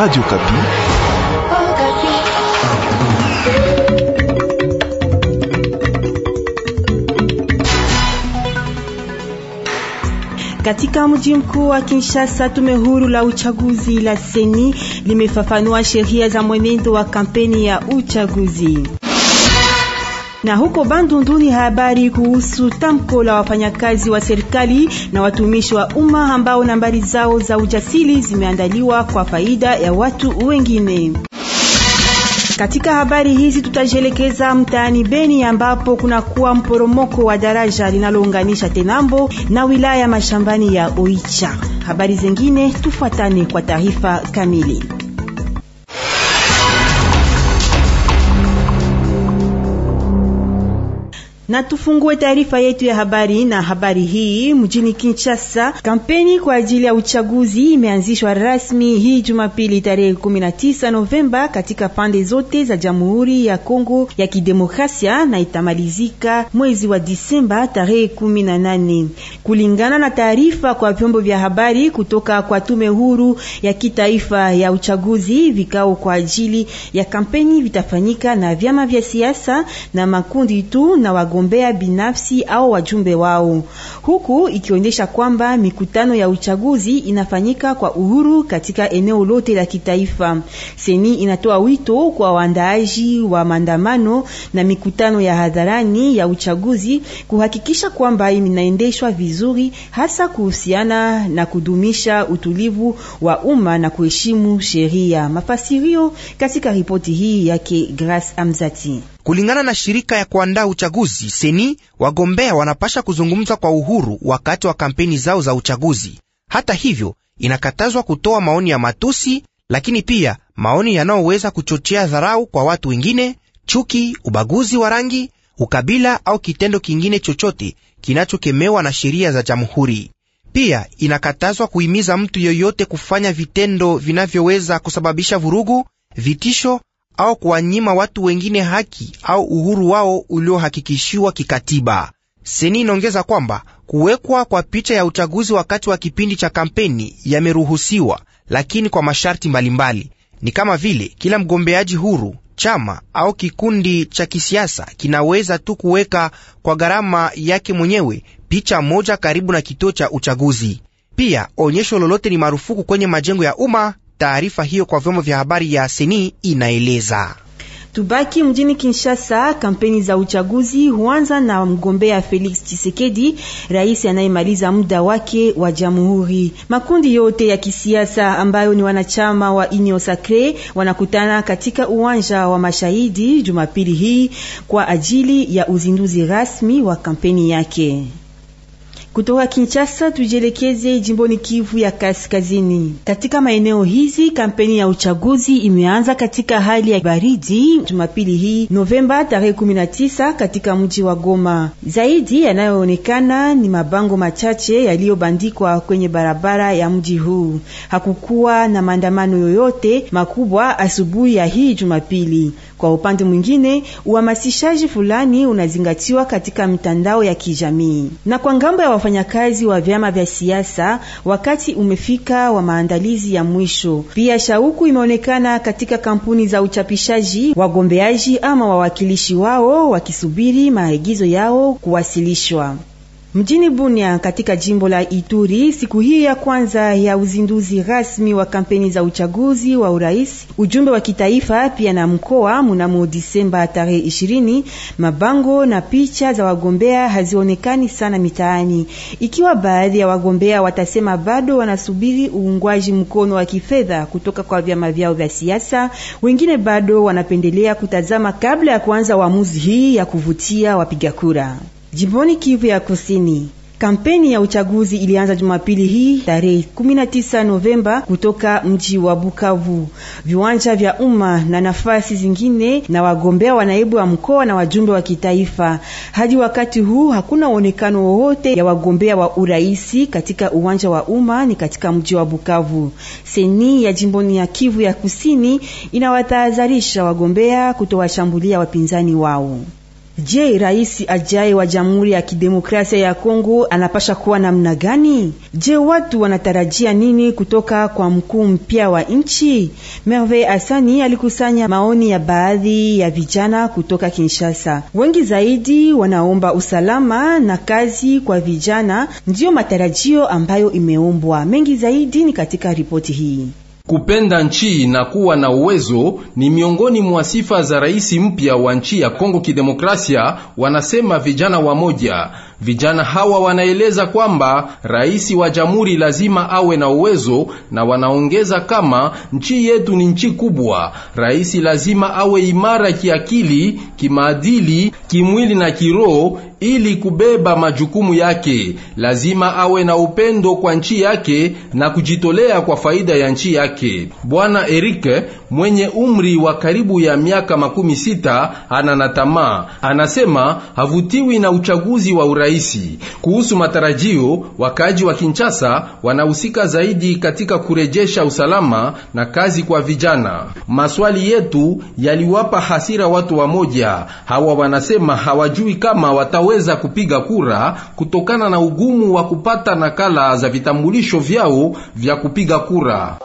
Radio Kapi. Katika mji mkuu wa Kinshasa, tume huru la uchaguzi la Seni limefafanua sheria za mwenendo wa kampeni ya uchaguzi. Na huko Bandunduni, habari kuhusu tamko la wafanyakazi wa serikali na watumishi wa umma ambao nambari zao za ujasili zimeandaliwa kwa faida ya watu wengine. Katika habari hizi tutajielekeza mtaani Beni ambapo kunakuwa mporomoko wa daraja linalounganisha Tenambo na wilaya mashambani ya Oicha. Habari zengine tufuatane kwa taarifa kamili. Na tufungue taarifa yetu ya habari na habari hii mjini Kinshasa. Kampeni kwa ajili ya uchaguzi imeanzishwa rasmi hii Jumapili tarehe 19 Novemba katika pande zote za Jamhuri ya Kongo ya Kidemokrasia na itamalizika mwezi wa Disemba tarehe 18. Kulingana na taarifa kwa vyombo vya habari kutoka kwa tume huru ya kitaifa ya uchaguzi, vikao kwa ajili ya kampeni vitafanyika na vyama vya siasa na makundi tu na wagombea wagombea binafsi au wajumbe wao, huku ikionyesha kwamba mikutano ya uchaguzi inafanyika kwa uhuru katika eneo lote la kitaifa. Seni inatoa wito kwa waandaaji wa maandamano na mikutano ya hadharani ya uchaguzi kuhakikisha kwamba inaendeshwa vizuri, hasa kuhusiana na kudumisha utulivu wa umma na kuheshimu sheria. Mafasirio katika ripoti hii yake Grace Amzati. Kulingana na shirika ya kuandaa uchaguzi Seni, wagombea wanapasha kuzungumza kwa uhuru wakati wa kampeni zao za uchaguzi. Hata hivyo, inakatazwa kutoa maoni ya matusi, lakini pia maoni yanayoweza kuchochea dharau kwa watu wengine, chuki, ubaguzi wa rangi, ukabila au kitendo kingine chochote kinachokemewa na sheria za jamhuri. Pia inakatazwa kuhimiza mtu yoyote kufanya vitendo vinavyoweza kusababisha vurugu, vitisho au kuwanyima watu wengine haki au uhuru wao uliohakikishiwa kikatiba. Seni inaongeza kwamba kuwekwa kwa picha ya uchaguzi wakati wa kipindi cha kampeni yameruhusiwa, lakini kwa masharti mbalimbali. Ni kama vile kila mgombeaji huru, chama au kikundi cha kisiasa kinaweza tu kuweka kwa gharama yake mwenyewe picha moja karibu na kituo cha uchaguzi. Pia onyesho lolote ni marufuku kwenye majengo ya umma Taarifa hiyo kwa vyombo vya habari ya Seni inaeleza Tubaki mjini Kinshasa. Kampeni za uchaguzi huanza na mgombea Felix Tshisekedi, rais anayemaliza muda wake wa jamhuri. Makundi yote ya kisiasa ambayo ni wanachama wa Union Sacre wanakutana katika uwanja wa Mashahidi Jumapili hii kwa ajili ya uzinduzi rasmi wa kampeni yake. Kutoka Kinshasa tujielekeze jimboni Kivu ya Kaskazini. Katika maeneo hizi kampeni ya uchaguzi imeanza katika hali ya baridi Jumapili hii Novemba tarehe 19 katika mji wa Goma. Zaidi yanayoonekana ni mabango machache yaliyobandikwa kwenye barabara ya mji huu. Hakukuwa na maandamano yoyote makubwa asubuhi ya hii Jumapili. Kwa upande mwingine, uhamasishaji fulani unazingatiwa katika mitandao ya kijamii na kwa ngambo ya wafanyakazi wa vyama vya siasa, wakati umefika wa maandalizi ya mwisho. Pia shauku imeonekana katika kampuni za uchapishaji, wagombeaji ama wawakilishi wao wakisubiri maagizo yao kuwasilishwa. Mjini Bunia katika jimbo la Ituri, siku hii ya kwanza ya uzinduzi rasmi wa kampeni za uchaguzi wa urais, ujumbe wa kitaifa pia na mkoa, mnamo Disemba tarehe ishirini, mabango na picha za wagombea hazionekani sana mitaani, ikiwa baadhi ya wagombea watasema bado wanasubiri uungwaji mkono wa kifedha kutoka kwa vyama vyao vya siasa. Wengine bado wanapendelea kutazama kabla ya kuanza uamuzi hii ya kuvutia wapiga kura. Jimboni Kivu ya Kusini, kampeni ya uchaguzi ilianza Jumapili hii tarehe 19 Novemba kutoka mji wa Bukavu. Viwanja vya umma na nafasi zingine na wagombea wa naibu wa mkoa na wajumbe wa kitaifa. Hadi wakati huu hakuna uonekano wowote ya wagombea wa uraisi katika uwanja wa umma ni katika mji wa Bukavu. Seni ya jimboni ya Kivu ya Kusini inawatahadharisha wagombea kutowashambulia wapinzani wao. Je, rais ajaye wa Jamhuri ya Kidemokrasia ya Kongo anapasha kuwa namna gani? Je, watu wanatarajia nini kutoka kwa mkuu mpya wa nchi? Merve Asani alikusanya maoni ya baadhi ya vijana kutoka Kinshasa. Wengi zaidi wanaomba usalama na kazi kwa vijana, ndiyo matarajio ambayo imeombwa mengi zaidi. Ni katika ripoti hii. Kupenda nchi na kuwa na uwezo ni miongoni mwa sifa za rais mpya wa nchi ya Kongo Kidemokrasia, wanasema vijana wamoja. Vijana hawa wanaeleza kwamba rais wa jamhuri lazima awe na uwezo, na wanaongeza kama nchi yetu ni nchi kubwa, rais lazima awe imara kiakili, kimaadili, kimwili na kiroho ili kubeba majukumu yake. Lazima awe na upendo kwa nchi yake na kujitolea kwa faida ya nchi yake. Bwana Eric mwenye umri wa karibu ya miaka makumi sita ana na tamaa, anasema havutiwi na uchaguzi wa urais urahisi. Kuhusu matarajio, wakaji wa Kinshasa wanahusika zaidi katika kurejesha usalama na kazi kwa vijana. Maswali yetu yaliwapa hasira watu wamoja. Hawa wanasema hawajui kama wataweza kupiga kura kutokana na ugumu wa kupata nakala za vitambulisho vyao vya kupiga kura.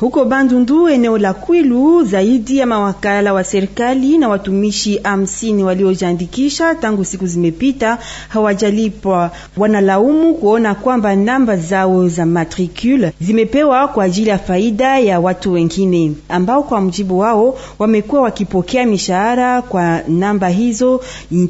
Huko Bandundu, eneo la Kwilu, zaidi ya mawakala wa serikali na watumishi hamsini waliojiandikisha tangu siku zimepita hawajalipwa. Wanalaumu kuona kwamba namba zao za matricule zimepewa kwa ajili ya faida ya watu wengine ambao kwa mjibu wao wamekuwa wakipokea mishahara kwa namba hizo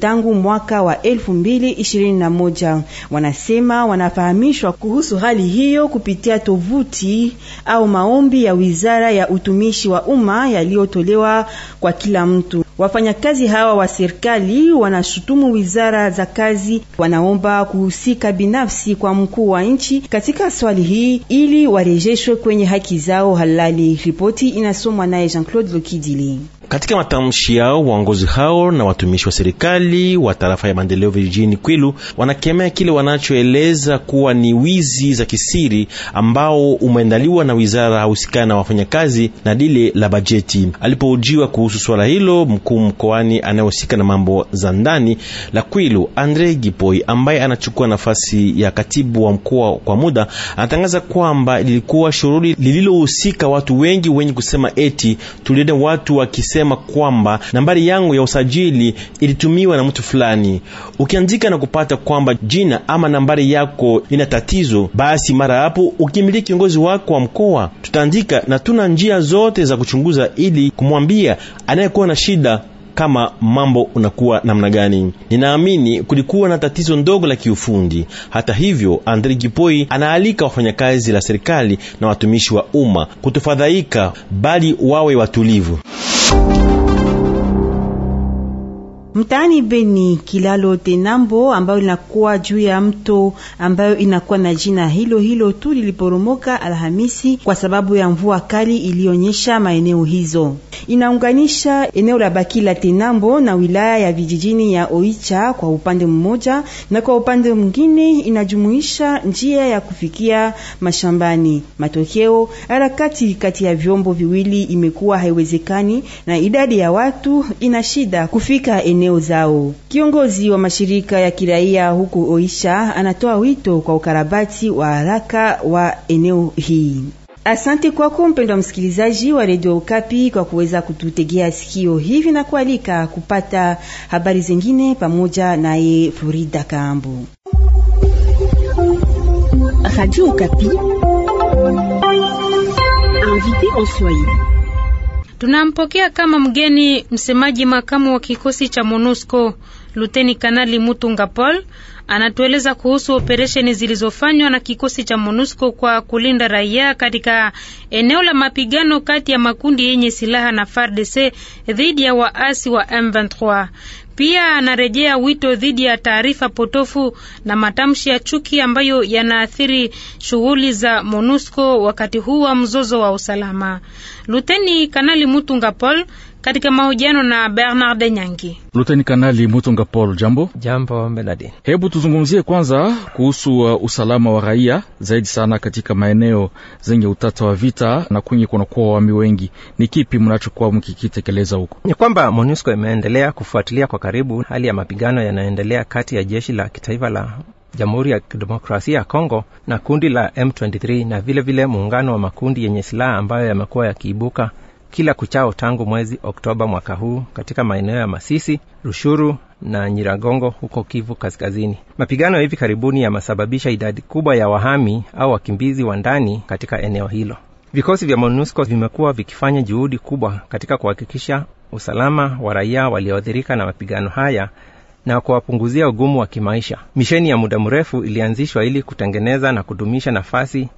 tangu mwaka wa 2021. Wanasema wanafahamishwa kuhusu hali hiyo kupitia tovuti au maombi maombi ya wizara ya utumishi wa umma yaliyotolewa kwa kila mtu. Wafanyakazi hawa wa serikali wanashutumu wizara za kazi, wanaomba kuhusika binafsi kwa mkuu wa nchi katika swali hii ili warejeshwe kwenye haki zao halali. Ripoti inasomwa naye Jean-Claude Lokidili. Katika matamshi yao waongozi hao na watumishi wa serikali wa tarafa ya maendeleo vijijini Kwilu wanakemea kile wanachoeleza kuwa ni wizi za kisiri ambao umeandaliwa na wizara hausikana na wafanyakazi na dile la bajeti. Alipohojiwa kuhusu swala hilo, mkuu mkoani anayehusika na mambo za ndani la Kwilu Andre Gipoi, ambaye anachukua nafasi ya katibu wa mkoa kwa muda, anatangaza kwamba lilikuwa shughuli lililohusika watu wengi wenye kusema eti tuliende watu wa kisiri kusema kwamba nambari yangu ya usajili ilitumiwa na mtu fulani. Ukiandika na kupata kwamba jina ama nambari yako ina tatizo, basi mara hapo ukimiliki kiongozi wako wa mkoa, tutaandika na tuna njia zote za kuchunguza ili kumwambia anayekuwa na shida kama mambo unakuwa namna gani. Ninaamini kulikuwa na tatizo ndogo la kiufundi. Hata hivyo, Andre Gipoi anaalika wafanyakazi la serikali na watumishi wa umma kutofadhaika, bali wawe watulivu. Thank you. mtaani Beni, kilalo Tenambo ambayo linakuwa juu ya mto ambayo inakuwa na jina hilo hilo tu liliporomoka Alhamisi kwa sababu ya mvua kali iliyonyesha maeneo hizo. Inaunganisha eneo la Bakila Tenambo na wilaya ya vijijini ya Oicha kwa upande mmoja, na kwa upande mwingine inajumuisha njia ya kufikia mashambani. Matokeo, harakati kati ya vyombo viwili imekuwa haiwezekani na idadi ya watu ina shida kufika eneo eneo zao. Kiongozi wa mashirika ya kiraia huku Oisha anatoa wito kwa ukarabati wa haraka wa eneo hii. Asante kwako mpendwa msikilizaji wa redio Okapi kwa kuweza kututegea sikio hivi na kualika kupata habari zingine pamoja naye Florida Kambu. Radio Okapi invité en Swahili Tunampokea kama mgeni msemaji makamu wa kikosi cha MONUSCO Luteni Kanali Mutunga Paul anatueleza kuhusu operesheni zilizofanywa na kikosi cha MONUSCO kwa kulinda raia katika eneo la mapigano kati ya makundi yenye silaha na FARDC dhidi ya waasi wa M23. Pia anarejea wito dhidi ya taarifa potofu na matamshi ya chuki ambayo yanaathiri shughuli za MONUSCO wakati huu wa mzozo wa usalama. Luteni Kanali Mutunga Paul katika mahojiano na Bernard Nyangi. Luteni Kanali Mutunga Paul, jambo. Jambo Meladi. Hebu tuzungumzie kwanza kuhusu uh, usalama wa raia zaidi sana katika maeneo zenye utata wa vita na kwenye kunakuwa wami wengi. Ni kipi mnachokuwa mkikitekeleza huko? Ni kwamba MONUSCO imeendelea kufuatilia kwa karibu hali ya mapigano yanayoendelea kati ya jeshi la kitaifa la Jamhuri ya Kidemokrasia ya Kongo na kundi la M23 na vilevile muungano wa makundi yenye silaha ambayo yamekuwa yakiibuka kila kuchao tangu mwezi Oktoba mwaka huu katika maeneo ya Masisi, Rushuru na Nyiragongo huko Kivu Kaskazini. Mapigano ya hivi karibuni yamesababisha idadi kubwa ya wahami au wakimbizi wa ndani katika eneo hilo. Vikosi vya MONUSCO vimekuwa vikifanya juhudi kubwa katika kuhakikisha usalama wa raia walioathirika na mapigano haya na kuwapunguzia ugumu wa kimaisha. Misheni ya muda mrefu ilianzishwa ili kutengeneza na kudumisha nafasi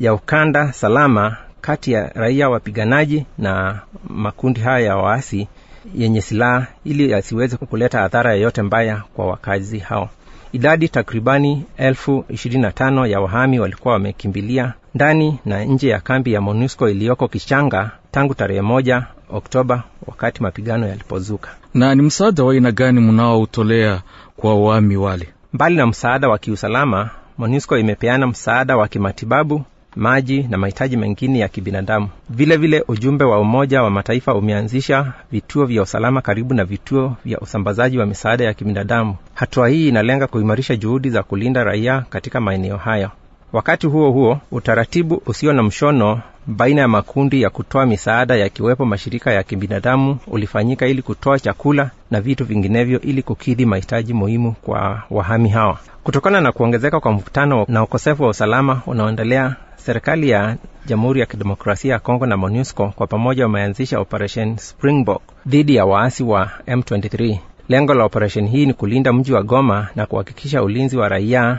ya ukanda salama kati ya raia wapiganaji na makundi haya ya waasi yenye silaha ili yasiweze kuleta adhara yoyote mbaya kwa wakazi hao. Idadi takribani elfu ishirini na tano ya wahami walikuwa wamekimbilia ndani na nje ya kambi ya MONUSCO iliyoko Kishanga tangu tarehe moja Oktoba wakati mapigano yalipozuka. Na ni msaada wa aina gani mnaoutolea kwa wahami wale? Mbali na msaada wa kiusalama, MONUSCO imepeana msaada wa kimatibabu maji na mahitaji mengine ya kibinadamu. vile vile ujumbe wa Umoja wa Mataifa umeanzisha vituo vya usalama karibu na vituo vya usambazaji wa misaada ya kibinadamu. Hatua hii inalenga kuimarisha juhudi za kulinda raia katika maeneo hayo. Wakati huo huo, utaratibu usio na mshono baina ya makundi ya kutoa misaada yakiwepo mashirika ya kibinadamu ulifanyika ili kutoa chakula na vitu vinginevyo ili kukidhi mahitaji muhimu kwa wahami hawa. Kutokana na kuongezeka kwa mvutano na ukosefu wa usalama unaoendelea Serikali ya Jamhuri ya Kidemokrasia ya Kongo na MONUSCO kwa pamoja wameanzisha Operation Springbok dhidi ya waasi wa M23. Lengo la operesheni hii ni kulinda mji wa Goma na kuhakikisha ulinzi wa raia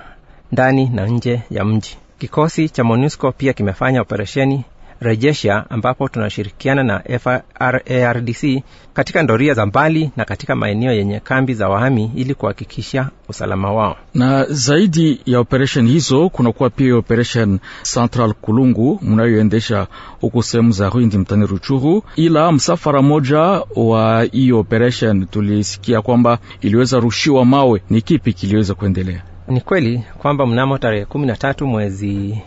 ndani na nje ya mji. Kikosi cha MONUSCO pia kimefanya operesheni Rejesha, ambapo tunashirikiana na frardc katika ndoria za mbali na katika maeneo yenye kambi za wahami ili kuhakikisha usalama wao. Na zaidi ya operesheni hizo, kunakuwa pia operesheni Central Kulungu mnayoendesha huku sehemu za Rwindi mtani Ruchuru, ila msafara moja wa hiyo operesheni tulisikia kwamba iliweza rushiwa mawe. Ni kipi kiliweza kuendelea? Ni kweli kwamba mnamo tarehe kumi na tatu mwezi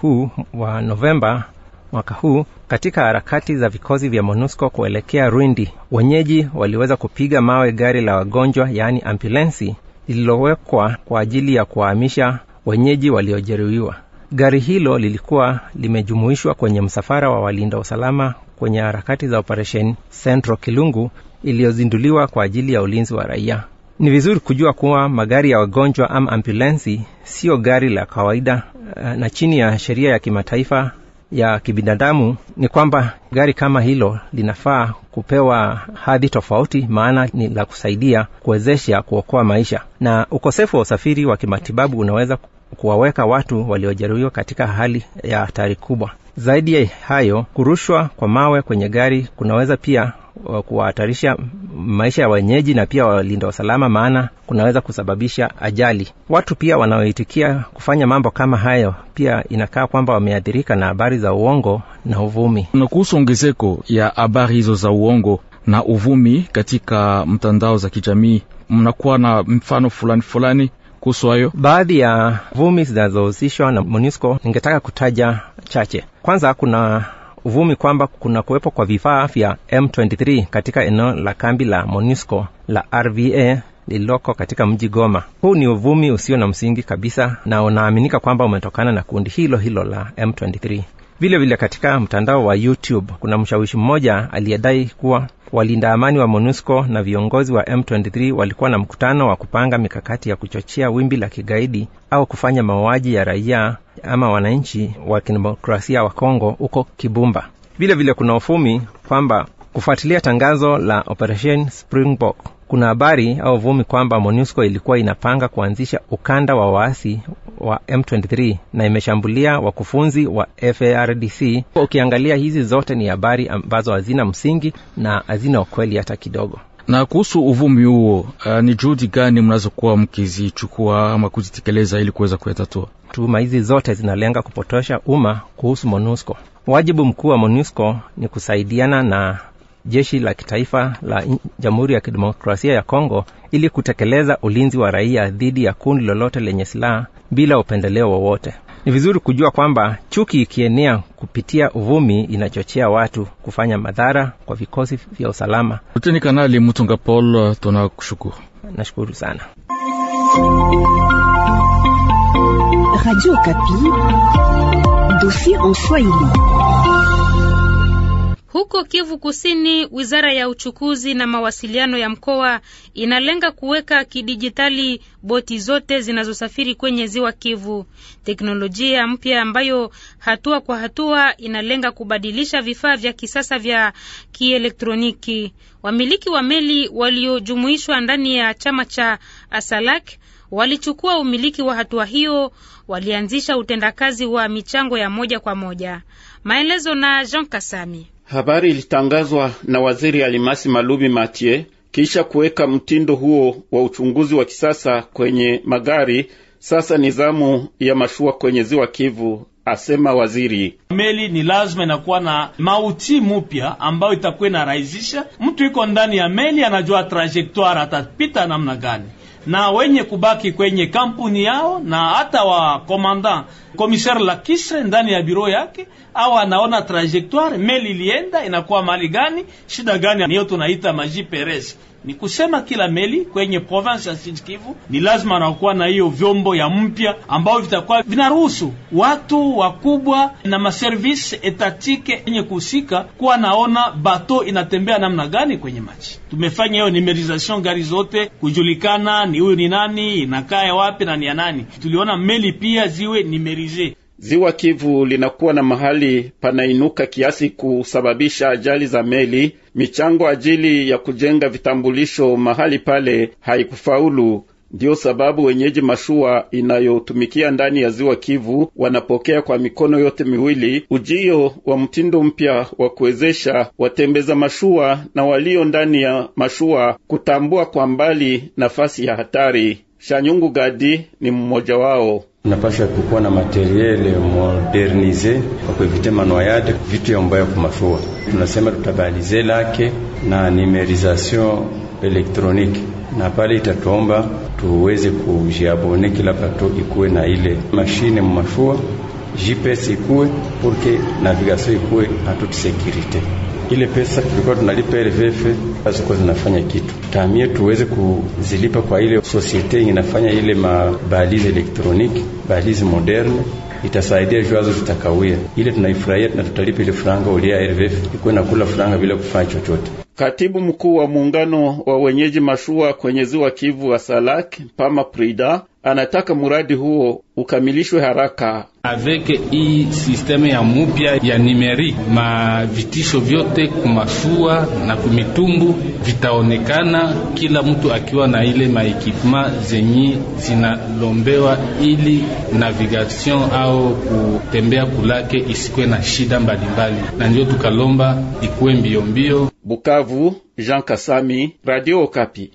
huu wa Novemba Mwaka huu katika harakati za vikosi vya MONUSCO kuelekea Rwindi, wenyeji waliweza kupiga mawe gari la wagonjwa, yaani ambulensi, lililowekwa kwa ajili ya kuwahamisha wenyeji waliojeruhiwa. Gari hilo lilikuwa limejumuishwa kwenye msafara wa walinda usalama kwenye harakati za operesheni Centro Kilungu iliyozinduliwa kwa ajili ya ulinzi wa raia. Ni vizuri kujua kuwa magari ya wagonjwa ama ambulensi sio gari la kawaida, eh, na chini ya sheria ya kimataifa ya kibinadamu ni kwamba gari kama hilo linafaa kupewa hadhi tofauti, maana ni la kusaidia kuwezesha kuokoa maisha, na ukosefu wa usafiri wa kimatibabu unaweza kuwaweka watu waliojeruhiwa katika hali ya hatari kubwa. Zaidi ya hayo, kurushwa kwa mawe kwenye gari kunaweza pia uh, kuwahatarisha maisha ya wenyeji na pia walinda usalama, maana kunaweza kusababisha ajali. Watu pia wanaoitikia kufanya mambo kama hayo pia inakaa kwamba wameathirika na habari za uongo na uvumi. Na kuhusu ongezeko ya habari hizo za uongo na uvumi katika mtandao za kijamii, mnakuwa na mfano fulani fulani kuhusu hayo? Baadhi ya vumi zinazohusishwa na MONUSCO ningetaka kutaja chache. Kwanza, kuna uvumi kwamba kuna kuwepo kwa vifaa vya M23 katika eneo la kambi la MONUSCO la RVA lililoko katika mji Goma. Huu ni uvumi usio na msingi kabisa na unaaminika kwamba umetokana na kundi hilo hilo la M23. Vile vile katika mtandao wa YouTube kuna mshawishi mmoja aliyedai kuwa walinda amani wa MONUSCO na viongozi wa M23 walikuwa na mkutano wa kupanga mikakati ya kuchochea wimbi la kigaidi au kufanya mauaji ya raia ama wananchi wa kidemokrasia wa Kongo huko Kibumba. Vile vile kuna ufumi kwamba kufuatilia tangazo la Operation Springbok kuna habari au vumi kwamba monusco ilikuwa inapanga kuanzisha ukanda wa waasi wa m23 na imeshambulia wakufunzi wa fardc ukiangalia hizi zote ni habari ambazo hazina msingi na hazina ukweli hata kidogo na kuhusu uvumi huo uh, ni juhudi gani mnazokuwa mkizichukua ama kuzitekeleza ili kuweza kuyatatua tuma hizi zote zinalenga kupotosha umma kuhusu monusco wajibu mkuu wa monusco ni kusaidiana na jeshi la kitaifa la Jamhuri ya Kidemokrasia ya Kongo ili kutekeleza ulinzi wa raia dhidi ya kundi lolote lenye silaha bila upendeleo wowote. Ni vizuri kujua kwamba chuki ikienea kupitia uvumi inachochea watu kufanya madhara kwa vikosi vya usalama. Luteni Kanali Mutunga Paul, tunakushukuru. Nashukuru sana. Radio Kapi, en Swahili. Huko Kivu Kusini, wizara ya uchukuzi na mawasiliano ya mkoa inalenga kuweka kidijitali boti zote zinazosafiri kwenye ziwa Kivu, teknolojia mpya ambayo hatua kwa hatua inalenga kubadilisha vifaa vya kisasa vya kielektroniki. Wamiliki wa meli waliojumuishwa ndani ya chama cha Asalak walichukua umiliki wa hatua hiyo, walianzisha utendakazi wa michango ya moja kwa moja. Maelezo na Jean Kasami. Habari ilitangazwa na waziri Alimasi Malubi Matie kisha kuweka mtindo huo wa uchunguzi wa kisasa kwenye magari. Sasa ni zamu ya mashua kwenye ziwa Kivu, asema waziri. Meli ni lazima inakuwa na mauti mupya ambayo itakuwa inarahisisha mtu iko ndani ya meli, anajua trajektoire atapita namna gani na wenye kubaki kwenye kampuni yao, na hata wa komanda komisar la kisre ndani ya biro yake, au anaona trajectoire meli ilienda inakuwa mali gani, shida gani, niyo tunaita maji peresi ni kusema kila meli kwenye province ya Sud Kivu ni lazima nakuwa na hiyo vyombo ya mpya ambao vitakuwa vinaruhusu watu wakubwa na maservisi etatike yenye kuhusika kuwa naona bato inatembea namna gani kwenye maji. Tumefanya hiyo numerization gari zote kujulikana, ni huyu ni nani, inakaa wapi na ni ya nani. Tuliona meli pia ziwe numerize Ziwa Kivu linakuwa na mahali panainuka kiasi kusababisha ajali za meli. Michango ajili ya kujenga vitambulisho mahali pale haikufaulu. Ndiyo sababu wenyeji mashua inayotumikia ndani ya ziwa Kivu wanapokea kwa mikono yote miwili ujio wa mtindo mpya wa kuwezesha watembeza mashua na walio ndani ya mashua kutambua kwa mbali nafasi ya hatari. Shanyungu Gadi ni mmoja wao. Napasha kukuwa na materiele modernize kwa kuevite manoyade vitu ambayo kumafua tunasema tutabalize lake na nimerizasyon elektroniki, na pale itatuomba tuweze kujiabone kila pato ikuwe na ile mashine mumafua GPS ikuwe purke navigasyon ikuwe na sekirite ile pesa tulikuwa tunalipa RVF hazikuwa zinafanya kitu, tamie tuweze kuzilipa kwa ile sosiete inafanya ile mabalizi elektroniki, balizi moderne itasaidia jwazo zitakawia. Ile tunaifurahia na tutalipa ile franga ulia RVF ikuwe nakula franga bila kufanya chochote. Katibu mkuu wa muungano wa wenyeji mashua kwenye ziwa Kivu wa Salak Pama Prida anataka muradi huo ukamilishwe haraka. Avec hii sisteme ya mupya ya nimeri, mavitisho vyote kumashua na kumitumbu vitaonekana, kila mtu akiwa na ile maekipema zenye zinalombewa ili navigation au kutembea kulake isikwe na shida mbalimbali, na ndio tukalomba ikuwe mbiombio Bukavu, Jean Kasami, Radio Okapi.